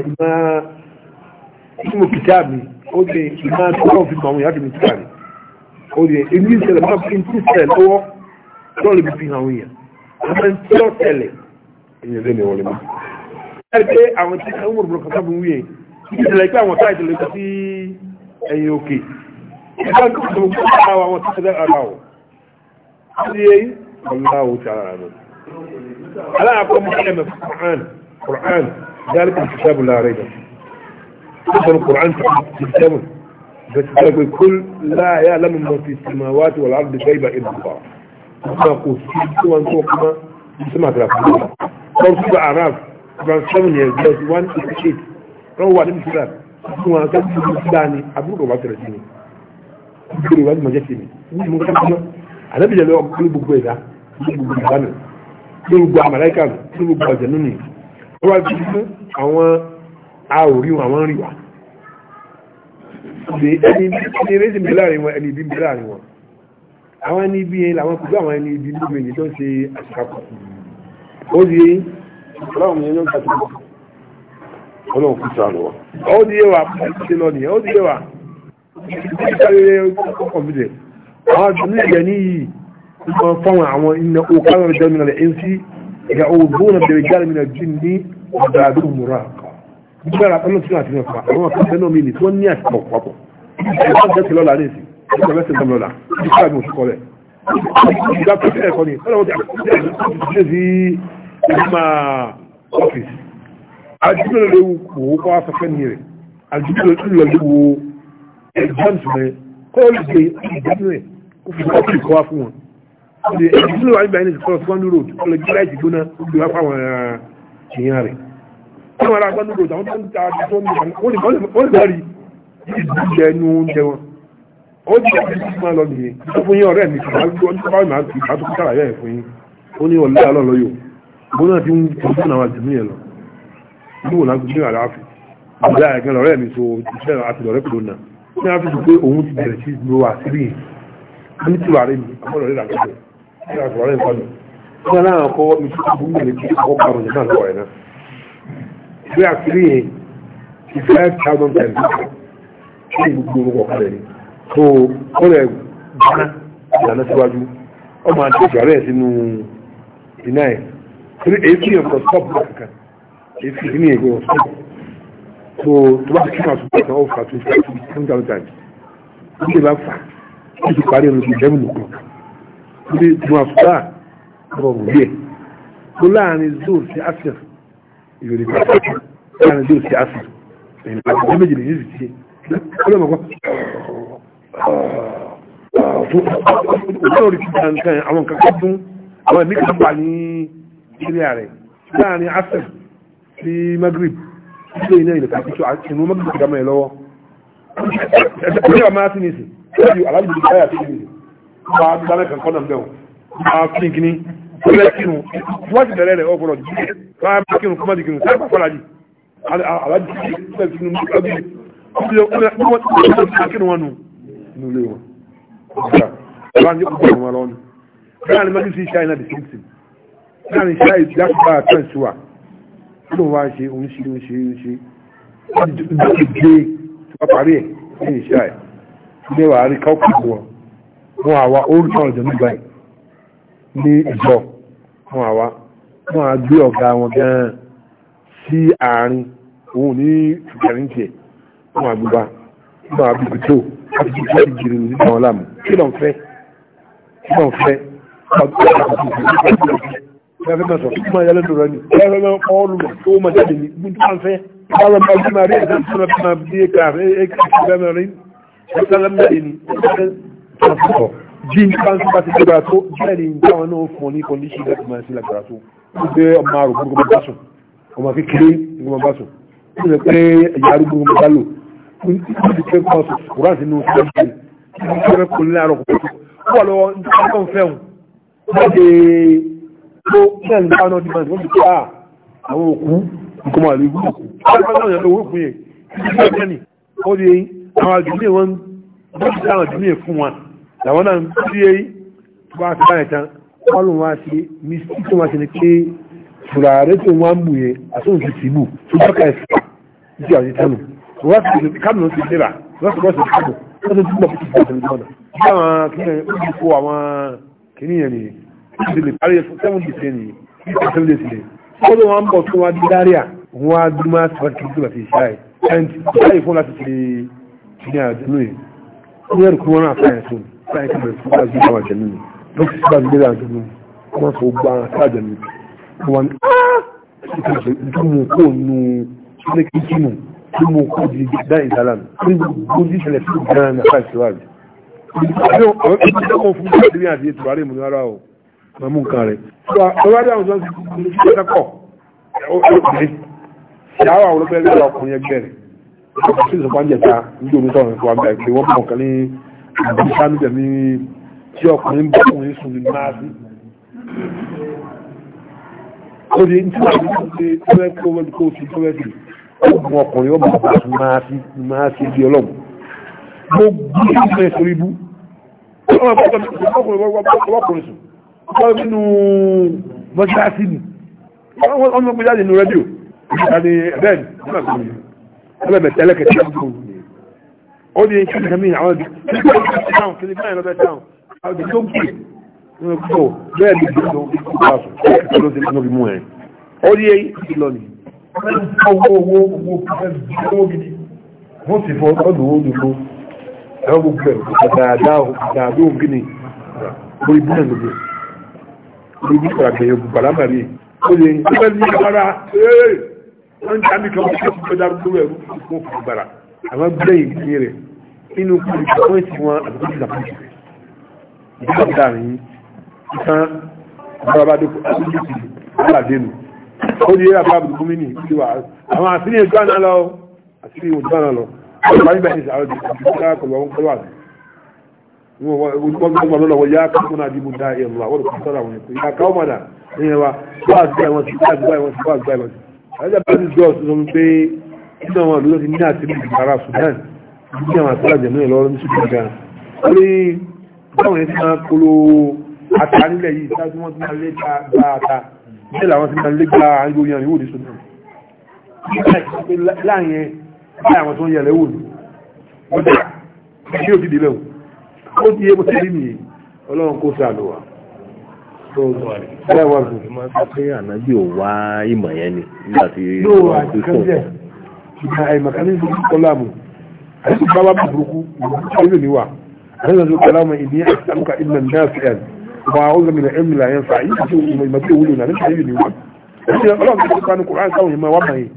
ìmọ̀ kìtàbí ó lè ìmọ̀ tó wọ́n fi mọ̀ ìyá tèmi kìtàbí ó lè èmi ìṣẹ̀lẹ̀ máa fi ti ṣẹ̀ lọ́wọ́ tó lè fi àwọn èèyàn ọmọ tí ó tẹ̀lé èèyàn lè wọlé mọ́. ẹ̀rí pé àwọn tí àwọn ọmọ òbúrò kankan bí wúyẹ ìṣẹ̀lẹ̀ pé àwọn táì tẹ̀lé kọ sí ẹ̀yìn òkè ìgbà tó kọ̀ tó kọ̀ àwọn على أقوم بكلمة في القرآن القرآن ذلك الكتاب لا ريب فيه القرآن كتاب بس كل لا يعلم ما في السماوات والأرض غيب إلا الله ما قصيت وانتوكما سمعت لك قرص الأعراف كان سمن يزيد وان تشيت روى الامتلال wọn ká tí ó dá ní abúrò bá tẹ̀rẹ̀ sí ni ìgbèrè wájú mọ̀jẹ́ sí ni wọ́n mú kí wọ́n ní gbogbo àmàlẹ́kà ní gbogbo ọ̀jẹ̀ lónìí wọ́n wá bí fún àwọn àòrí wọn àwọn ríwà ẹni bí eré sí mi láàrin wọn ẹni ibi mi láàrin wọn àwọn ẹni ibi yẹn làwọn kùgbọ́ àwọn ẹni ibi lóbi èyí tó ń ṣe àṣìkàkọ̀ ó di ọlọ́run yẹn ló ń ta tó kọ̀ ọlọ́run kù sọ àlọ́ ó di yẹ wa kuma fáwọn àwọn iná òkàrà rẹ̀ jẹ́mìnà rẹ̀ ń sí ìyà òògbóhùn àbẹ̀rẹ̀ jáde mìíràn jù ní ọ̀dà àbí òmùrà gbára ọlọ́run tí wọ́n ti rẹ̀pa àwọn akẹ́kẹ́ náà mi ní tí wọ́n ní àtìkọ̀ papọ̀ ìgbà jẹ́ ti lọ́la lẹ́sì ìgbà mẹ́sẹ̀ tán lọ́la ìgbà mi ò sì kọ́lẹ̀ ìgbà pẹ́fẹ́ ẹ̀kọ́ ni ọlọ́run ti àkọ́kọ́ sí ìgbà ọ́fíìsì àjùmọ̀ léwu kò ó kọ́ afẹ́fẹ́ ní rẹ̀ àjùmọ̀ léwu ẹ̀gbọ́n tì ìdílé wa níbàá ní ìsìnkọ́ fún road ọlọ jíra ìdìgbóná gbé wá fáwọn èèyàn rẹ̀ wọ́n ara gbọ́n road àwọn tó ń ta tó ń ta wọ́n lè bá rí ìdílé ẹnu oúnjẹ wọn ó ti dàbí sí máa lọ nìyẹn tó fún yín ọ̀rẹ́ mi kì máa gbọ́ nípa báyìí máa fi ìgbà tó kára yẹ̀ fún yín ó ní ọ̀lẹ́ àlọ́ lọ yòó ìgbóná ti ń tọ́jú náà jù mí yẹn lọ ní wò lágbo ní àlàáfíà ọ̀lẹ́ àyẹ̀kẹ́ ìlú àṣírí yìí wọ́n ní tìwárí mi ẹ̀rọ àtùwárẹ̀ nǹkan nù ní aláwọn akọ mi tó ti burú nílé kí ọkọ̀ parun nìkan lọ́wọ́ ẹ̀ náà ìwé àkírí yẹn ti five thousand times ṣé ìgbogbo orúkọ kalẹ̀ ni so ó rẹ̀ gbọ́ná ìlànà síwájú ó máa ti ìgbàrẹ̀ sínú iná ẹ̀ torí èyí tí yẹn kọ stop kankan èyí tí yẹn kọ stop so tó bá kí màsùn pẹ̀lú ọ̀fà tó ti ten thousand times fà ó ti parí ẹnu tó jẹ́ bí mọ̀fà rọrùn bí ẹ̀ tó láàrin zoro sí asir ìròyìn pàtàkì láàrin zoro sí asir ìròyìn pàtàkì méjì lè yíṣi tiẹ̀ ọlọ́mọ kọ́ ọlọ́run ti tàn kan àwọn kankan tún àwọn ẹ̀mí kan pa ní síríà rẹ̀ láàrin asir sí magrib ilé iná ilẹ̀ kàtí tó ìnú magrib kàdámọ̀ ẹ̀ lọ́wọ́ ẹ̀dá máa sí nìsí alájùmọ̀ ìgbáyà sí nìsí máa gbálẹ̀ kankan náà bẹ̀rù máa fi kíní lọ́lẹ̀ kírun wọ́n ti bẹ̀rẹ̀ rẹ̀ ọgbọ̀rọ̀ jíjẹ́ máa bá kírun kọ́mọ́dé kírun sáà pàpàlà jì aláàjì kírun lọ́bí kírun wọn nù nílé wọn. ọ̀la àwọn ọlọ́ni náà ni mẹ́rin sí ṣáà iná dìkín sí náà ni wọn àwa orúkọ ọ̀dọ̀ nígbà yìí ní ìjọ wọn àwa wọn a gbé ọ̀gá wọn gan-an sí àárín òun ní ìgbàlíńtì ẹ̀ wọn àgbùgbà wọn àbùkù tó láti fi ìjìrì ní ìgbà wọn láàmú kí lọ́n fẹ́ kí lọ́n fẹ́ ọdún ọdún ọdún ọdún fẹ́fẹ́ máa sọ fún máa yálẹ́ lọ́rọ̀ ní fẹ́fẹ́ máa ọ́ọ̀lù tó máa jáde ní gbùn tó máa fẹ́ bára máa bí máa rí ẹ̀sán tó máa bí ẹ̀ka ẹ̀ka ìfẹ́ máa rí ẹ̀sán lẹ́mọ̀ ẹ̀ni àtúntọ̀ bí n bá ń bá ti gbéra tó bẹ́ẹ̀ ni táwọn náà fún ọ ní kọ́ndíṣì láti máa sí lágbára tó ó gbé ọmọ àrò gbogbo bá sùn ọmọ kékeré gbogbo bá sùn ó lè pé ẹ̀yà arúgbó bá lò ó ti pé kọ́ sùn kúrò sínú fúlẹ́ẹ̀dì ní ìgbẹ́ kò ní àárọ̀ kò tó wà lọ́wọ́ nípa tó ń fẹ́hùn wọ́n ti tó bẹ́ẹ̀ ni táwọn náà ti máa ń sọ pé àwọn òkú nǹkan máa lè wú òkú ó di àwọn àdúgbò wọn wọ́n ti dáhùn àdúgbò yẹn fún wọn làwọn náà ń bí ẹ wá sí báyìí tán wọ́n lòun wá sí mísí tó wá sí ni pé fùràrẹ́ tó wá ń bù yẹn àtúntò ti tìbù tó dọ́kà ẹ̀sìn ìdí àwọn ìtànù wọ́n ti kábùnù ti débà wọ́n ti bọ́sẹ̀ kábù wọ́n ti túbọ̀ fi bọ́sẹ̀ ní ọ̀nà bí àwọn kìnìyàn ó ti kó àwọn kìnìyàn nìyẹn ó ti lè parí seven days yẹn nìyẹn ó ti seven days yẹn ó ló wọn bọ̀ tó wá di dáríà wọn á dúró máa sọ kí n tó bá fi ṣáà yìí ṣáà yìí fún láti fi kìnìyàn àdúró yìí ó yẹ kó wọn náà fà yẹn sóni láì tí bẹ̀rẹ̀ fún láti gbà àjẹ́ nínú lókè sí láti gbéra àjẹ́ nínú wọ́n fò gba àjẹ́ nínú wọ́n ní dúnmù kó nu sílé kíkí nù dúnmù kó di dá ìdálà nù ní gbogbo ní ìṣẹ̀lẹ̀ fún gan-an ní àkáàtì wa rẹ̀ Ìyáwó àwọn olóbẹ̀rẹ̀ ọkùnrin ẹgbẹ́ rẹ̀, ọkùnrin ìsọ̀pá jẹta ní orí sọ̀rọ̀ ìfọwọ́gbà ìpè wọ́n bọ̀ kan ní àbí sáàmìdà ní tí ọkùnrin bá ọkùnrin sùn ní máa sí ó di tí wà ní ọdún tó wẹ́ kó o tó wẹ́ sí ọmọ ọkùnrin ọmọ bá sùn máa sí máa sí ibi ọlọ́run mo gbé ìgbẹ́ sórí bú ọkùnrin sùn ọkùnrin nínú mọ́ṣáláṣí ni ọmọ gbé jáde nínú rédíò ẹ̀bẹ̀ ẹ̀bẹ̀ tẹ́lẹ̀kẹ̀ tí wọ́n ó di ẹ̀kí ìkàmí àwọn wọ́n sì fọ́ ọdún olùkó ẹ̀rọ gbogbo ẹ̀dàdó gíní orí búrẹ̀ lóbi orí bí ọ̀rọ̀gbẹ̀yẹ gbàlámà rí ó lè ń pẹ́ ní àwárá ẹ̀ẹ́ wọ́n ń jẹ́ àmì kan wọ́n sì fẹ́ dárúgbó ẹ̀rú fún ìgbàra àmọ́ bẹ́ẹ̀ ìgbé rẹ̀ nínú kúrò ìpọ́ìntì wọn àti kúrò ìdàkúrò ìdíkà ìdá rẹ̀ ìtàn àbábádé àbújútì aládénù ó di eré àbábádé gómìnì ti wà àwọn àṣírí ètò àná lọ àṣírí òjò àná lọ ọba nígbà ní sàrọ̀ ìdíkà kọlọ̀ wọn kọlọ̀ àbẹ̀ wọ́n gbọ́dọ̀ lọ́wọ́ yá kọ́kọ́ náà dìbò dá ẹ̀rọ àwọn olùkọ́ sọ́ra àwọn ẹ̀kọ́ ìyá káwọ́ mọ̀dà ẹ̀yẹn wa wọ́n àti báyìí wọ́n ti báyìí wọ́n ti báyìí wọ́n ti nínú àwọn àdúgbò ti ní àtìlú ìgbàra Sudan ní àwọn àtìlájẹ náà lọ́rọ́ ní Sudan gan ó lè báwọn yẹn ti máa kolo ata nílẹ̀ yìí sáájú wọn ti máa lé gba ata bẹ́ẹ̀ làwọn ti máa lé gba àńgbó yan ìwò ní Sudan láàyẹn bí àwọn tó ń yẹlẹ̀ wò ní ọjà bí ó ti dìlẹ̀ ó ti yé bó ti rí nìyí ọlọ́run kó sáà lọ wà Ẹ̀wọ̀n ìmọ̀ sọ pé ànábì ò wá ìmọ̀ yẹn ni ìgbà àìmọ̀kánì ìlú kọlámù àti bábá burúkú ìlú níwà àti ìlú kọlámù ìní àtàkà ìlú nàìjíríà wà ó lọ mìíràn ẹ̀mìlà yẹn fà yìí tó ìmọ̀ tó wúlò náà nípa ìlú níwà àti ọlọ́run tó kọ́ ní kòrán sáwọn ìmọ̀ wà báyìí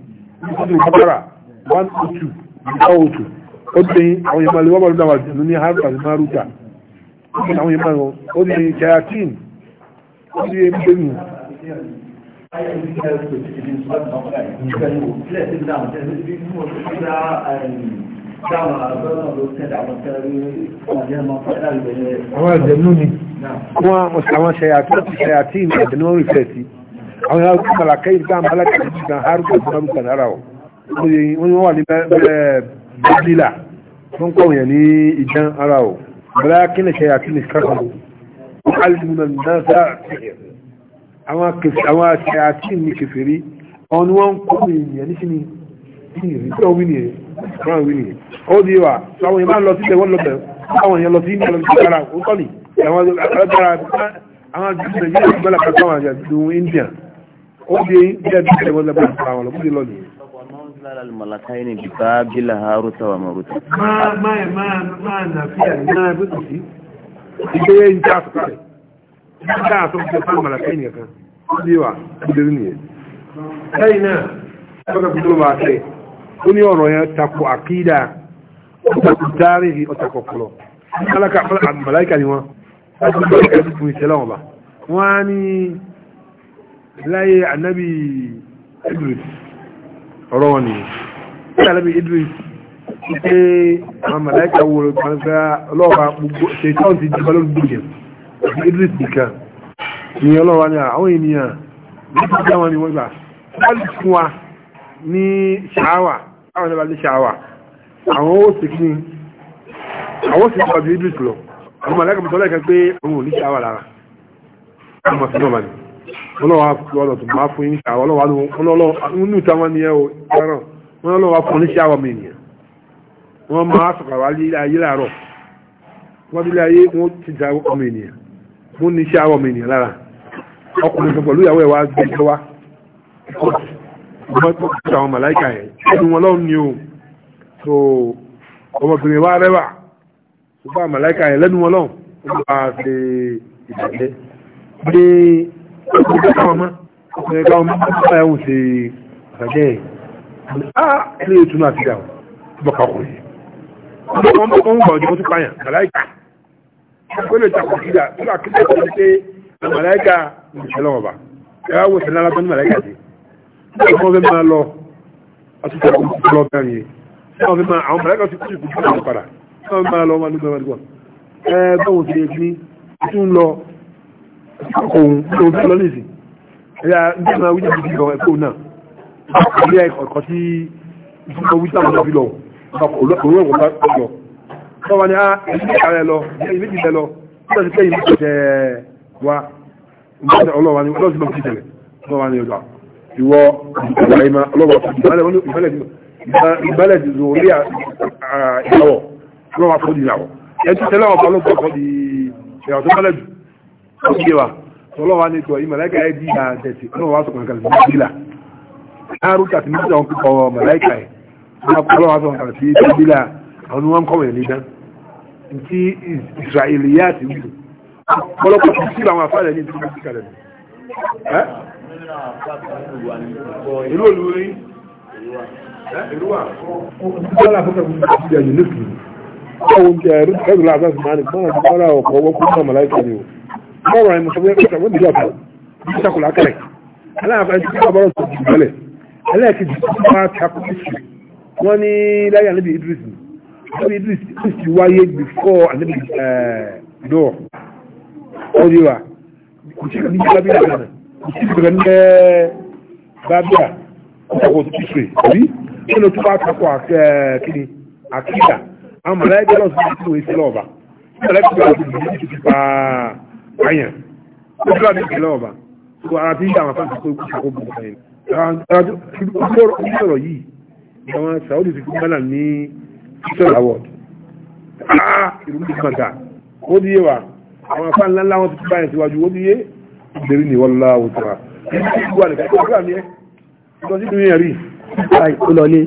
ní kọ́tàrà 102 202 ó dé àwọn ìmọ̀ lè wọ́n bá lọ́wọ́ jù ní harvard àti maruta ó dé àwọn ìmọ̀ ó dé jayatin ó dé mbẹ́nu ayé ìlú ní ẹ̀rọ tó ti di ìṣúná ìgbàmọ́ra yìí pẹ̀lú òkúlẹ̀ sí dáhùn tẹ́lẹ̀ bí mú o ti dá dáhùn àgbẹ̀rún ló tẹ̀lé àwọn tẹ́lẹ̀ ọmọdé ọmọ o ìgbẹ̀lẹ̀. àwọn àjẹmú ni wọn àwọn ṣẹyàtí ṣẹyàtí ìjẹmú rí fẹ́ sí àwọn ará kàlàkẹ́ ìgbà o wọ́n wà ní bẹ́ẹ̀lá wọ́n kọ́ wọ̀nyẹ̀ ní ìdán ara o bẹ́ẹ̀ kí ni àwọn àti ní kèfèrí ọ̀n wọ́n ń kọ́ èèyàn ní kíni ìrìn tí wọ́n wí nìyẹn wọ́n wí nìyẹn ó di wà àwọn èèyàn máa lọ sí ìtẹ̀wọ́n lọ́bẹ̀ àwọn èèyàn lọ sí ìtẹ̀wọ́n lọ́bẹ̀ kára ó tọ́lì àwọn alágbára àwọn àjùmọ̀ nàìjíríà ti gbọ́dọ̀ pàtó àwọn àjàdù India ó di India ti tẹ̀wọ́n lọ́bẹ̀ kára wọn nígbà tó ń tẹ́fà màlàkẹ́ nìkan léwà ìdírí nìyẹn lẹ́yìn náà ẹgbẹ́ kò tó máa tẹ́ ó ní ọ̀rọ̀ yẹn takò àkídà ọ̀tàkù dáríhì ọ̀tàkù ọ̀pọ̀lọ̀ màlàkà ni wọn láti gbọ́ ẹ̀kẹ́ fún ìṣẹ̀lẹ̀ wọn bá wọn á ní láyé Idris ọ̀rọ̀ wọn nìyẹn láyé ànábì Idris ṣe àwọn màlàkà wo ọlọ́ọ̀bà gbogbo ṣe tọ́ọ̀tì jẹ́ balógun gbogbo Idris nìkan ní ọlọ́wà ní àwọn ènìyàn nípa jẹ́ wọn ni wọ́n gbà wọ́n lè fún wa ní ṣàáwà àwọn ẹ̀bà ní ṣàáwà àwọn ó sì kí àwọn sì kọ́ bí Idris lọ àwọn mọ̀lẹ́kà mọ̀tọ́ lẹ́kà pé òun ò ní ṣàáwà lára àwọn mọ̀ sí náà mọ̀lẹ́ ọlọ́wà lọ́dọ̀ tó máa fún yín ṣàáwà ọlọ́wà nínú ìtawọ́ ni ẹ o ẹran wọ́n lọ́wà fún ní ṣàáwà mi ènìyàn wọ́n máa sọ̀kàwà ayé láàárọ̀ wọ́n bí láyé wọ́n ti da ọmọ ènìyàn mo ní iṣẹ́ àwọn ọmọ ènìyàn lára ọkùnrin kan pẹ̀lú ìyàwó ẹ̀ wá gbé ẹjọ́ wá ọmọ ìpínlẹ̀ àwọn màláìka ẹ̀ ẹnu wọn lọ́rùn ni o so ọmọbìnrin wa rẹwà ṣùgbọ́n màláìka ẹ̀ lẹ́nu wọn lọ́rùn ó bá a ṣe ìdàgbẹ́ pé ọkùnrin káwọn mọ́ ọkùnrin káwọn mọ́ ọkùnrin káwọn ṣe ìdàgbẹ́ ẹ̀ á ilé ìtura àti ìdàgbọ́ ọkùnrin ọmọ ọmọ ọmọ ọmọ ọjọ́ tó pààyàn màláìka ó lè takò kíjà tó bá kíjà tó ní pé màláìka ìṣẹ̀lẹ̀ ọba ẹ wá wòsàn lára bẹ́ẹ̀ màláìka sí i wọ́n fẹ́ máa lọ àtúntò ọkọ̀ lọ bẹ́ẹ̀ yẹn wọ́n fẹ́ máa àwọn màláìka ti kúrò kúrò kúrò para wọ́n fẹ́ máa lọ wọn nígbà wọn nígbà ẹ báwọn ti lè fi tún lọ òun ló fẹ́ lọ nìsín ẹ̀yà nígbà máa wíjà bíbí lọ ẹ̀kọ́ náà ilé ẹ̀kọ́ tí ìfúnpọ̀ wíjà bíbí lọ ọkọ̀ òun ọ̀gbọ̀n wọ́n wá ní ààrẹ ah, lọ ìbí jìdẹ lọ nígbà tí kẹ́yìn mú jẹ wa nígbà ọlọ́wà ní ọlọ́sí bá fi tẹ̀lé wọ́n wá ní ọjọ́ ìwọ ọlọ́wà ìbálẹ̀ ìzò orí ìyàwó ọlọ́wà fún ìyàwó ẹtù tẹ́lẹ̀ ọ̀pọ̀ ọlọ́pọ̀ ọ̀pọ̀ di ìyàwó tó bálẹ̀ jù ó ti yé wa ọlọ́wà ní ìtọ̀ ìmọ̀lẹ́kà ẹ̀ di ìyà tẹ̀sí ọlọ́wà sọ kankan sí ìbílà árùkà sí mísà wọn kíkọ mọ̀lẹ́kà ẹ̀ ọlọ́wà sọ kankan sí ìbílà àwọn wọn kọ́wẹ̀ ní dán tí Israeli yá ti wù ọ̀pọ̀lọpọ̀ tí sí àwọn afárẹ̀ ní ìlú Africa lẹ́nu ìlú olùrí ìlú wà ọ̀pọ̀lọpọ̀ afẹ́kọ̀ọ́ ìjọ yìí lẹ́kùn ọ̀wọ̀ oúnjẹ ẹ̀rù láàbẹ̀sì máa ní gbọ́nà ìgbọ́nà ọ̀pọ̀ owó kúrò náà màláìkà ni o mọ́rọ̀ ẹ̀mọ̀ sọ pé ẹ̀kọ́ ìjọba ìjọba ìṣàkùlà kẹrẹ̀ aláàfẹ́ ti kọ́ bọ́rọ̀ tó jù bọ́lẹ̀ ẹlẹ́ẹ̀kejì tó máa takú sí wọ́n ní láyà níbi Idris ni àbí idris ti wáyé before àdébí dọ́ọ̀ ó di wa kò sí kàní bíbá bíbá náà kò sí kàní bíbá bíbá kò sọ̀kò tó ti sè àbí kí ló tún bá takò àkíní àkíyà àwọn mọ̀lá ẹgbẹ́ náà sì ti wọ́n ti lọ́ọ̀bà mọ̀lá ẹgbẹ́ náà sì ti ti pa àyàn ó tún àbí ti lọ́ọ̀bà kò ara ti ń dà wọn fáńtì pé kò sọ̀kò bùkún ẹ̀yìn. àwọn ọ̀rọ̀ yìí àwọn sàwọ́dì ti fi mọ́là ní Peter Award. Ah, ìlú ní kàntà. Ó díye wa, àwọn afá ńlá ńlá wọn ti báyìí síwájú, ó díye, ìdérí ni wọ́n láwọ̀ tó wa. Ìlú ti wà nìkan tó wà ní ẹ́. Ìtọ́ sí ìdúnyẹ̀ rí. Báyìí kú lọlé.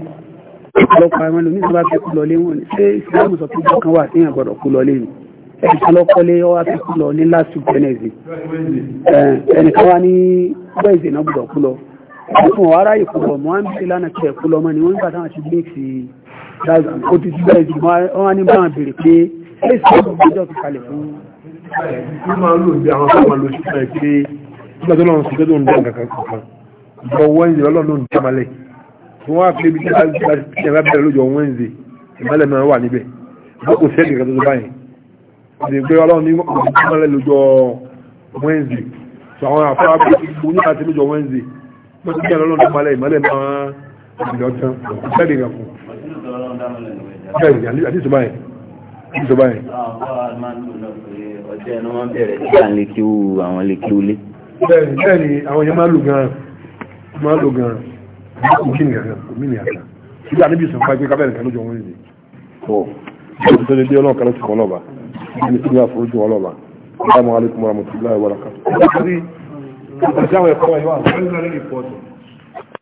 Ọ̀pọ̀lọpọ̀ àwọn ẹlòmíì tó bá fẹ́ kú lọlé wọn ni. Ṣé ìsìlámù sọ pé ìjọ kan wà sí ìyàgbọ̀dọ̀ kú lọlé ni? Ẹnìkan lọ kọ́lé ọ wá fẹ́ kú lọ ní last week Wednesday. Ẹnìkan wá ní Wednesday náà gbọ́dọ̀ kú lọ fún ọ̀rá ìkùlọ̀ mọ́ ń bí lánà kí ẹ̀kùlọ̀ mọ́ ni wọ́n nígbà táwọn ti gbé sí ó ti gbẹ́ ìjì wọ́n ní bá bèèrè pé èsì ìgbẹ́jọ́ fi kalẹ̀ fún ìmọ́lẹ̀ náà wà níbẹ̀ kò sí ẹ̀gẹ̀gẹ̀ tó báyìí ọdún ìgbé ọlọ́run ní ìmọ́lẹ̀ lójọ́ Wednesday so àwọn àfáà pẹ̀lú ní àti lójọ́ Wednesday lọ́tí bí ọlọ́run tó palẹ̀ ìmọ́lẹ̀ máa ìdílé ọ̀tán ìfẹ́ ìrìn àpò bẹ́ẹ̀ àti ìṣòbá yẹn ìṣòbá yẹn. ọjọ́ ẹnu máa ń bẹ̀rẹ̀ sí à ń lè kí wú àwọn lè kí wúlé. bẹ́ẹ̀ni bẹ́ẹ̀ni àwọn èèyàn máa lò gan-an máa lò gan-an kò mí nìyà kan kò mí nìyà kan síbi àníbi ìsìn fún ẹgbẹ́ kábẹ́ẹ̀nì kan lójú ọmọ ìdí. tó o tó lè dé ọlọ́run kan lọ́sùn ọlọ́ba ibi tí wọ́n á forújú ọlọ́ba. Àbàjáwẹ̀ kọ́ ẹ̀wà. Very, very important.